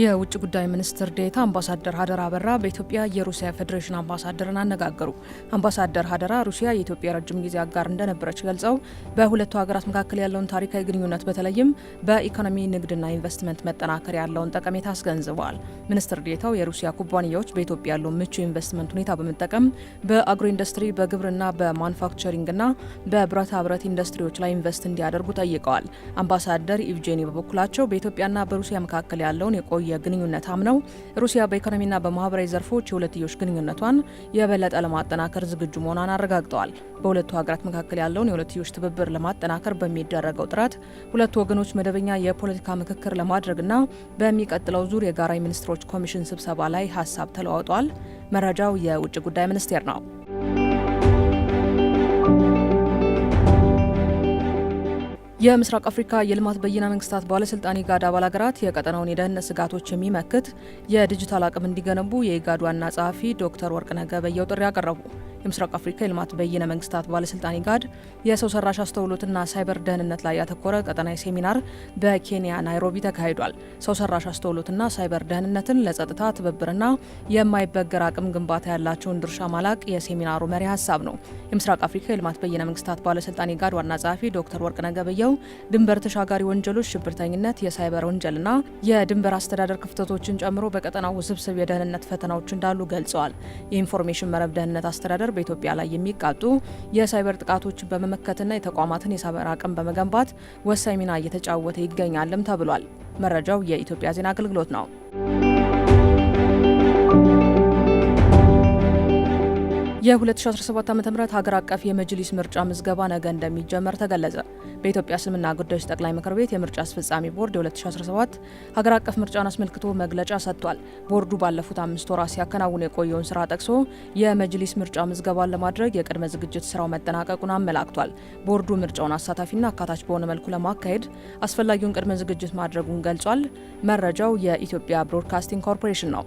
የውጭ ጉዳይ ሚኒስትር ዴታ አምባሳደር ሀደራ አበራ በኢትዮጵያ የሩሲያ ፌዴሬሽን አምባሳደርን አነጋገሩ። አምባሳደር ሀደራ ሩሲያ የኢትዮጵያ ረጅም ጊዜ አጋር እንደነበረች ገልጸው በሁለቱ ሀገራት መካከል ያለውን ታሪካዊ ግንኙነት በተለይም በኢኮኖሚ ንግድና ኢንቨስትመንት መጠናከር ያለውን ጠቀሜታ አስገንዝበዋል። ሚኒስትር ዴታው የሩሲያ ኩባንያዎች በኢትዮጵያ ያለው ምቹ ኢንቨስትመንት ሁኔታ በመጠቀም በአግሮ ኢንዱስትሪ፣ በግብርና፣ በማኑፋክቸሪንግና በብረታ ብረት ኢንዱስትሪዎች ላይ ኢንቨስት እንዲያደርጉ ጠይቀዋል። አምባሳደር ኢቭጄኒ በበኩላቸው በኢትዮጵያና በሩሲያ መካከል ያለውን የቆ የቆየ ግንኙነት አምነው ሩሲያ በኢኮኖሚና በማህበራዊ ዘርፎች የሁለትዮሽ ግንኙነቷን የበለጠ ለማጠናከር ዝግጁ መሆኗን አረጋግጠዋል። በሁለቱ ሀገራት መካከል ያለውን የሁለትዮሽ ትብብር ለማጠናከር በሚደረገው ጥረት ሁለቱ ወገኖች መደበኛ የፖለቲካ ምክክር ለማድረግና በሚቀጥለው ዙር የጋራ ሚኒስትሮች ኮሚሽን ስብሰባ ላይ ሀሳብ ተለዋውጧል። መረጃው የውጭ ጉዳይ ሚኒስቴር ነው። የምስራቅ አፍሪካ የልማት በይነ መንግስታት ባለስልጣን ኢጋድ አባል ሀገራት የቀጠናውን የደህንነት ስጋቶች የሚመክት የዲጂታል አቅም እንዲገነቡ የኢጋድ ዋና ጸሐፊ ዶክተር ወርቅነህ ገበየሁ ጥሪ አቀረቡ። የምስራቅ አፍሪካ የልማት በይነ መንግስታት ባለስልጣን ኢጋድ የሰው ሰራሽ አስተውሎትና ሳይበር ደህንነት ላይ ያተኮረ ቀጠናዊ ሴሚናር በኬንያ ናይሮቢ ተካሂዷል። ሰው ሰራሽ አስተውሎትና ሳይበር ደህንነትን ለጸጥታ ትብብርና የማይበገር አቅም ግንባታ ያላቸውን ድርሻ ማላቅ የሴሚናሩ መሪ ሀሳብ ነው። የምስራቅ አፍሪካ የልማት በይነ መንግስታት ባለስልጣን ኢጋድ ዋና ጸሐፊ ዶክተር ወርቅነህ ገበየሁ ድንበር ተሻጋሪ ወንጀሎች፣ ሽብርተኝነት፣ የሳይበር ወንጀልና የድንበር አስተዳደር ክፍተቶችን ጨምሮ በቀጠናው ውስብስብ የደህንነት ፈተናዎች እንዳሉ ገልጸዋል። የኢንፎርሜሽን መረብ ደህንነት አስተዳደር በኢትዮጵያ ላይ የሚቃጡ የሳይበር ጥቃቶች በመመከትና የተቋማትን የሳይበር አቅም በመገንባት ወሳኝ ሚና እየተጫወተ ይገኛልም ተብሏል። መረጃው የኢትዮጵያ ዜና አገልግሎት ነው። የ2017 ዓ ም ሀገር አቀፍ የመጅሊስ ምርጫ ምዝገባ ነገ እንደሚጀመር ተገለጸ። በኢትዮጵያ እስልምና ጉዳዮች ጠቅላይ ምክር ቤት የምርጫ አስፈጻሚ ቦርድ የ2017 ሀገር አቀፍ ምርጫን አስመልክቶ መግለጫ ሰጥቷል። ቦርዱ ባለፉት አምስት ወራት ሲያከናውን የቆየውን ስራ ጠቅሶ የመጅሊስ ምርጫ ምዝገባን ለማድረግ የቅድመ ዝግጅት ስራው መጠናቀቁን አመላክቷል። ቦርዱ ምርጫውን አሳታፊና አካታች በሆነ መልኩ ለማካሄድ አስፈላጊውን ቅድመ ዝግጅት ማድረጉን ገልጿል። መረጃው የኢትዮጵያ ብሮድካስቲንግ ኮርፖሬሽን ነው።